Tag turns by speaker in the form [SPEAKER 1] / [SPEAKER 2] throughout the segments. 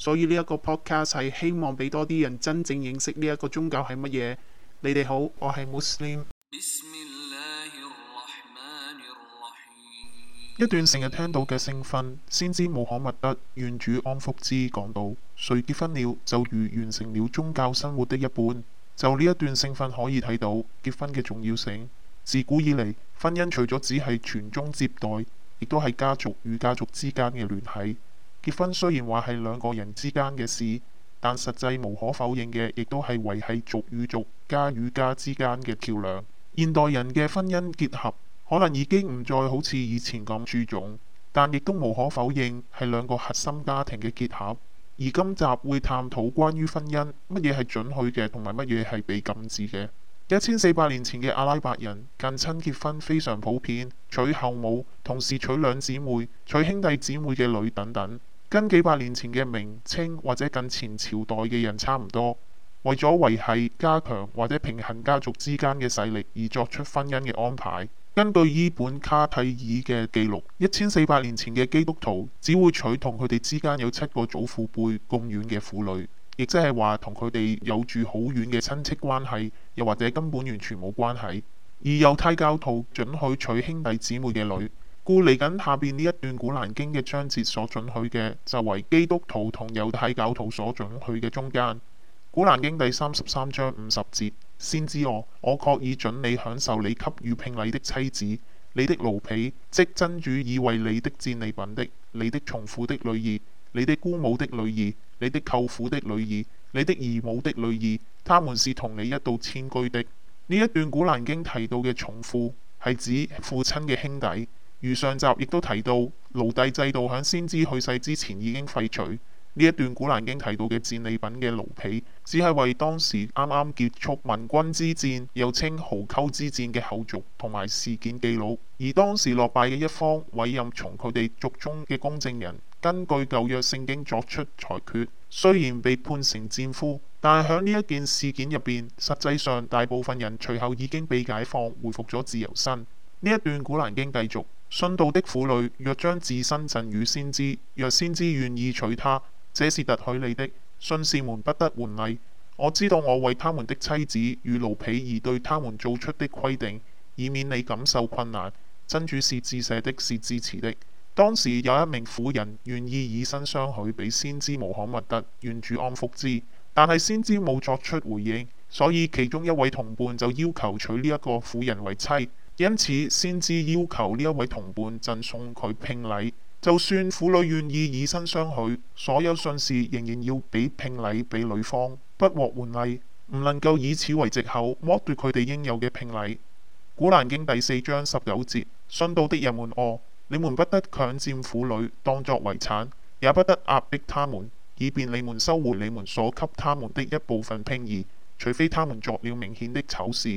[SPEAKER 1] 所以呢一個 podcast 係希望俾多啲人真正認識呢一個宗教係乜嘢。你哋好，我係穆斯林。 一段成日聽到嘅聖訓，先知穆罕默德，願主安福之講到，誰結婚了，就如完成了宗教生活的一半。就呢一段聖訓可以睇到，結婚嘅重要性。自古以嚟，婚姻除咗只係傳宗接代，亦都係家族與家族之間嘅聯繫。結婚雖然話係兩個人之間嘅事，但實際無可否認嘅，亦都係維繫族與族、家與家之間嘅橋樑。現代人嘅婚姻結合可能已經唔再好似以前咁注重，但亦都無可否認係兩個核心家庭嘅結合。而今集會探討關於婚姻，乜嘢係准許嘅，同埋乜嘢係被禁止嘅。一千四百年前嘅阿拉伯人，近親結婚非常普遍，娶後母，同時娶兩姊妹，娶兄弟姊妹嘅女等等。跟幾百年前嘅明清或者近前朝代嘅人差唔多，為咗維係、加強或者平衡家族之間嘅勢力而作出婚姻嘅安排。根據伊本卡蒂爾嘅記錄，一千四百年前嘅基督徒只會娶同佢哋之間有七個祖父輩咁遠嘅婦女，亦即係話同佢哋有住好遠嘅親戚關係，又或者根本完全冇關係。而猶太教徒准許娶兄弟姊妹嘅女。故嚟緊下邊呢一段《古蘭經》嘅章節，所准許嘅就為基督徒同猶太教徒所准許嘅中間，《古蘭經》第三十三章五十節先知，我我確已准你享受你給予聘禮的妻子，你的奴婢，即真主以為你的戰利品的，你的從父的女兒，你的姑母的女兒，你的舅父的女兒，你的姨母的女兒，他們是同你一道遷居的。呢一段《古蘭經》提到嘅從父係指父親嘅兄弟。如上集亦都提到，奴隸制度響先知去世之前已經廢除。呢一段古蘭經提到嘅戰利品嘅奴婢，只係為當時啱啱結束民軍之戰，又稱壕溝之戰嘅後續同埋事件記錄。而當時落敗嘅一方委任從佢哋族中嘅公證人，根據舊約聖經作出裁決。雖然被判成戰俘，但響呢一件事件入邊，實際上大部分人隨後已經被解放，恢復咗自由身。呢一段古蘭經繼續。信道的婦女若將自身贈與先知，若先知願意娶她，這是特許你的。信士們不得援例。我知道我為他們的妻子與奴婢而對他們做出的規定，以免你感受困難。真主是至赦的，是至慈的。當時有一名婦人願意以身相許俾先知穆罕默德，願主安福之。但係先知冇作出回應，所以其中一位同伴就要求娶呢一個婦人為妻。因此先至要求呢一位同伴贈送佢聘禮。就算婦女願意以身相許，所有信士仍然要俾聘禮俾女方，不獲換禮，唔能夠以此為借口剝奪佢哋應有嘅聘禮。古蘭經第四章十九節：信道的人們，哦，你們不得強占婦女當作遺產，也不得壓迫他們，以便你們收回你們所給他們的一部分聘儀，除非他們作了明顯的醜事，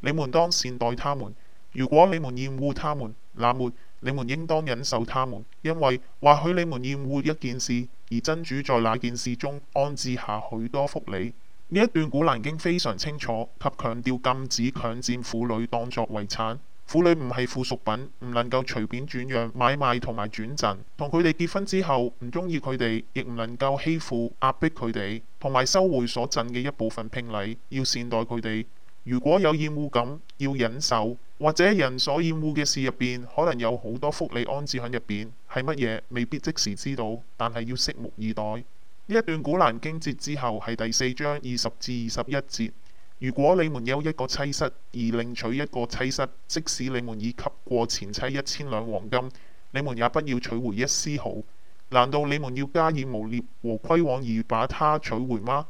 [SPEAKER 1] 你們當善待他們。如果你們厭惡他們，那麼你們應當忍受他們，因為或許你們厭惡一件事，而真主在那件事中安置下許多福利。呢一段古蘭經非常清楚及強調禁止強佔婦女當作遺產。婦女唔係附屬品，唔能夠隨便轉讓、買賣同埋轉贈。同佢哋結婚之後，唔中意佢哋，亦唔能夠欺負、壓迫佢哋，同埋收回所贈嘅一部分聘禮，要善待佢哋。如果有厭惡感，要忍受。或者人所厭惡嘅事入邊可能有好多福利安置喺入邊，係乜嘢未必即時知道，但係要拭目以待。呢一段古蘭經節之後，係第四章二十至二十一節。如果你們有一個妻室而另娶一個妻室，即使你們已給過前妻一千兩黃金，你們也不要取回一絲毫。難道你們要加以誣衊和虧枉而把它取回嗎？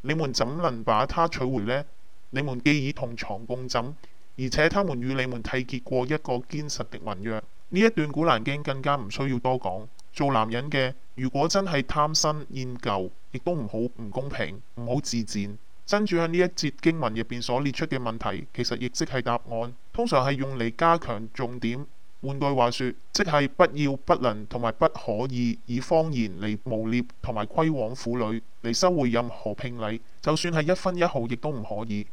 [SPEAKER 1] 你們怎能把它取回呢？你們既已同床共枕。而且他們與你們締結過一個堅實的盟約，呢一段古蘭經更加唔需要多講。做男人嘅，如果真係貪新厭舊，亦都唔好唔公平，唔好自賤。真主喺呢一節經文入邊所列出嘅問題，其實亦即係答案。通常係用嚟加強重點。換句話說，即係不要不能同埋不可以以謊言嚟誣蔑同埋歸往婦女嚟收回任何聘禮，就算係一分一毫，亦都唔可以。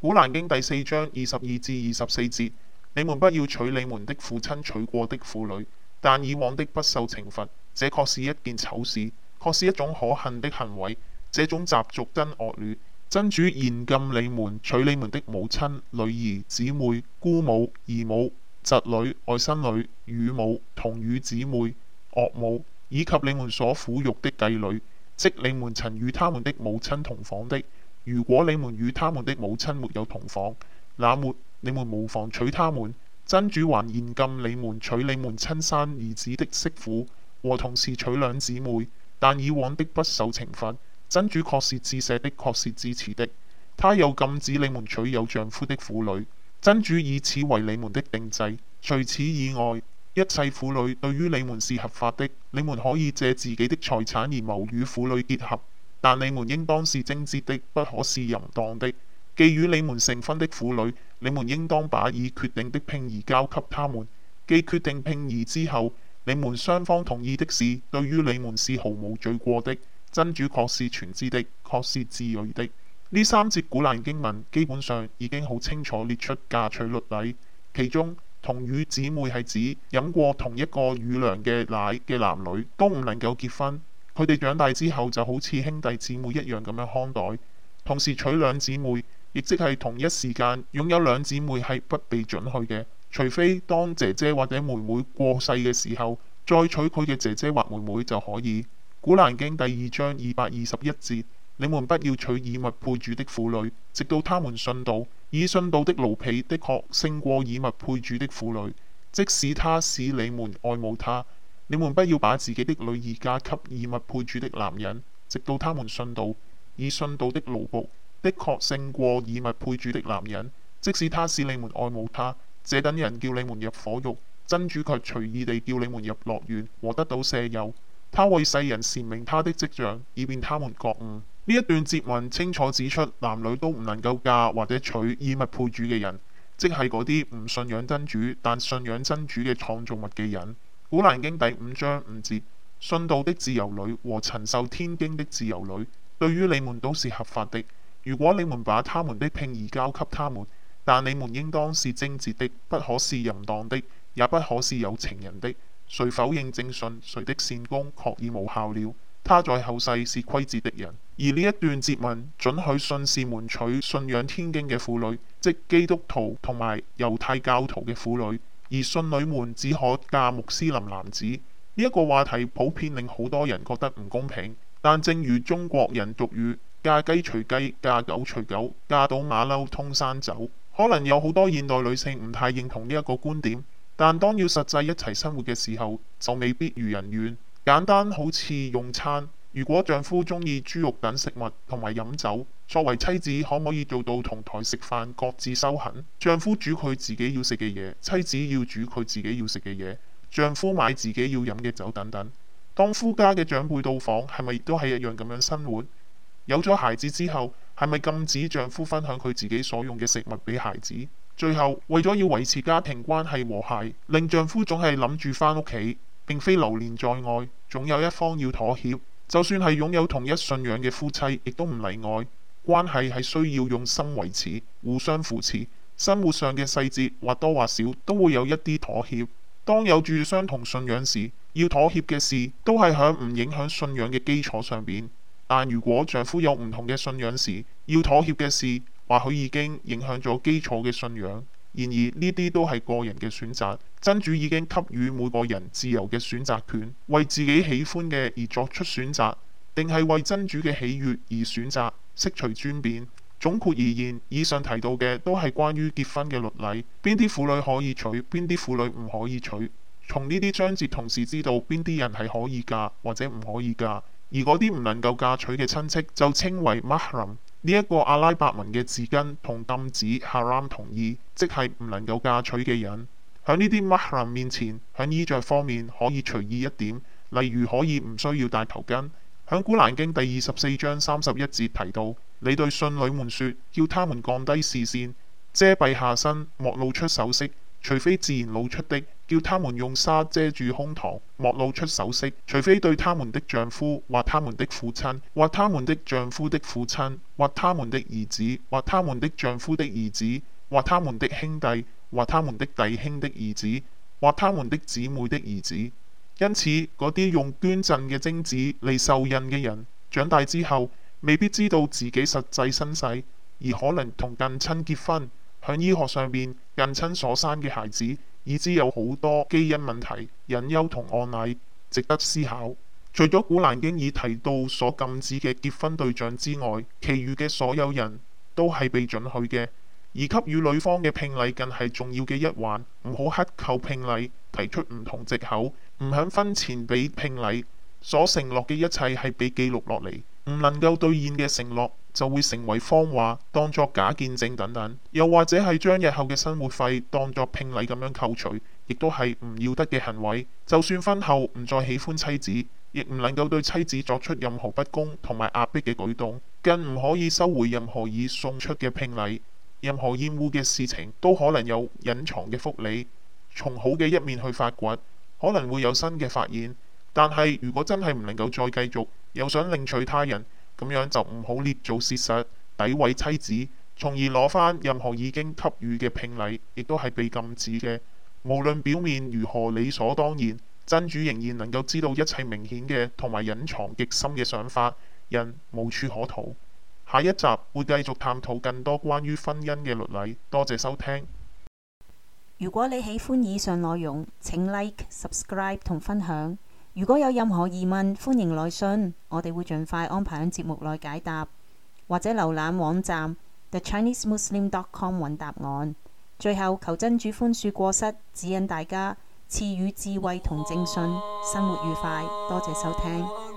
[SPEAKER 1] 古蘭經第四章二十二至二十四節：你們不要娶你們的父親娶過的婦女，但以往的不受懲罰。這確是一件醜事，確是一種可恨的行為。這種習俗真惡劣。真主嚴禁你們娶你們的母親、女兒、姊妹、姑母、姨母、侄女、外甥女、乳母、同乳姊妹、岳母，以及你們所撫育的繼女，即你們曾與他們的母親同房的。如果你們與他們的母親沒有同房，那末，你們無妨娶他們。真主還嚴禁你們娶你們親生兒子的媳婦和同時娶兩姊妹，但以往的不受懲罰。真主確是至赦的，確是至慈的。他又禁止你們娶有丈夫的婦女，真主以此為你們的定制。除此以外，一切婦女對於你們是合法的，你們可以借自己的財產而謀與婦女結合。但你們應當是正直的，不可是淫蕩的。寄予你們成婚的婦女，你們應當把已決定的聘儀交給他們，既決定聘儀之後，你們雙方同意的事，對於你們是毫無罪過的。真主確是全知的，確是至睿的。呢三節古蘭經文基本上已經好清楚列出嫁娶律例，其中同乳姊妹係指飲過同一個乳娘嘅奶嘅男女都唔能夠結婚。佢哋長大之後，就好似兄弟姊妹一樣咁樣看待。同時娶兩姊妹，亦即係同一時間擁有兩姊妹係不被準許嘅，除非當姐姐或者妹妹過世嘅時候，再娶佢嘅姐姐或妹妹就可以。古蘭經第二章二百二十一節：你們不要娶以物配主的婦女，直到他們信道。以信道的奴婢，的確勝過以物配主的婦女。即使他使你們愛慕他。你們不要把自己的女兒嫁給以物配主的男人，直到他們信道，以信道的奴僕的確勝過以物配主的男人。即使他使你們愛慕他，這等人叫你們入火獄，真主卻隨意地叫你們入樂園和得到赦宥。他為世人闡明他的跡象，以便他們覺悟。呢一段節文清楚指出，男女都唔能夠嫁或者娶以物配主嘅人，即係嗰啲唔信仰真主但信仰真主嘅創造物嘅人。《古蘭經》第五章五節，信道的自由女和陳受天經的自由女，對於你們都是合法的。如果你們把他們的聘儀交給他們，但你們應當是貞節的，不可是淫蕩的，也不可是有情人的。誰否認正信，誰的善功確已無效了。他在後世是規節的人。而呢一段節文准許信士們娶信仰天經嘅婦女，即基督徒同埋猶太教徒嘅婦女。而信女們只可嫁穆斯林男子，呢一個話題普遍令好多人覺得唔公平。但正如中國人俗語：嫁雞隨雞，嫁狗隨狗，嫁到馬騮通山走。可能有好多現代女性唔太認同呢一個觀點，但當要實際一齊生活嘅時候，就未必如人願。簡單好似用餐。如果丈夫中意豬肉等食物同埋飲酒，作為妻子可唔可以做到同台食飯，各自修行？丈夫煮佢自己要食嘅嘢，妻子要煮佢自己要食嘅嘢，丈夫買自己要飲嘅酒等等。當夫家嘅長輩到訪，係咪都係一樣咁樣生活？有咗孩子之後，係咪禁止丈夫分享佢自己所用嘅食物俾孩子？最後，為咗要維持家庭關係和諧，令丈夫總係諗住返屋企，並非流連在外，總有一方要妥協。就算係擁有同一信仰嘅夫妻，亦都唔例外。關係係需要用心維持，互相扶持。生活上嘅細節或多或少都會有一啲妥協。當有住相同信仰時，要妥協嘅事都係喺唔影響信仰嘅基礎上面。但如果丈夫有唔同嘅信仰時，要妥協嘅事或許已經影響咗基礎嘅信仰。然而呢啲都係個人嘅選擇，真主已經給予每個人自由嘅選擇權，為自己喜歡嘅而作出選擇，定係為真主嘅喜悅而選擇，悉隨尊便。總括而言，以上提到嘅都係關於結婚嘅律例，邊啲婦女可以娶，邊啲婦女唔可以娶。從呢啲章節同時知道邊啲人係可以嫁或者唔可以嫁，而嗰啲唔能夠嫁娶嘅親戚就稱為麥呢一個阿拉伯文嘅字根同禁止哈蘭同意，即係唔能夠嫁娶嘅人。喺呢啲麥哈蘭面前，喺衣着方面可以隨意一點，例如可以唔需要戴頭巾。喺古蘭經第二十四章三十一節提到，你對信女們説，叫她們降低視線，遮蔽下身，莫露出首飾，除非自然露出的。叫他們用紗遮住胸膛，莫露出首飾，除非對他們的丈夫、或他們的父親或他們的丈夫的父親或他們的兒子、或他們的丈夫的兒子、或他們的兄弟、或他們的弟兄的兒子、或他們的姊妹的兒子。因此，嗰啲用捐贈嘅精子嚟受孕嘅人，長大之後未必知道自己實際身世，而可能同近親結婚，響醫學上面近親所生嘅孩子。已知有好多基因問題，隱憂同案例值得思考。除咗古蘭經已提到所禁止嘅結婚對象之外，其餘嘅所有人都係被准許嘅。而給予女方嘅聘禮更係重要嘅一環，唔好克扣聘禮，提出唔同藉口，唔響婚前俾聘禮。所承諾嘅一切係被記錄落嚟，唔能夠兌現嘅承諾。就會成為謊話，當作假見證等等，又或者係將日後嘅生活費當作聘禮咁樣扣除，亦都係唔要得嘅行為。就算婚後唔再喜歡妻子，亦唔能夠對妻子作出任何不公同埋壓迫嘅舉動，更唔可以收回任何已送出嘅聘禮。任何厭惡嘅事情都可能有隱藏嘅福利，從好嘅一面去發掘，可能會有新嘅發現。但係如果真係唔能夠再繼續，又想另娶他人。咁樣就唔好捏造事實，詆毀妻、妻子，從而攞返任何已經給予嘅聘禮，亦都係被禁止嘅。無論表面如何理所當然，真主仍然能夠知道一切明顯嘅同埋隱藏極深嘅想法，人無處可逃。下一集會繼續探討更多關於婚姻嘅律例。多謝收聽。如果你喜歡以上內容，請 Like、Subscribe 同分享。如果有任何疑問，歡迎來信，我哋會盡快安排喺節目內解答，或者瀏覽網站 TheChineseMuslim.com 揾答案。最後，求真主寬恕過失，指引大家，賜予智慧同正信，生活愉快。多謝收聽。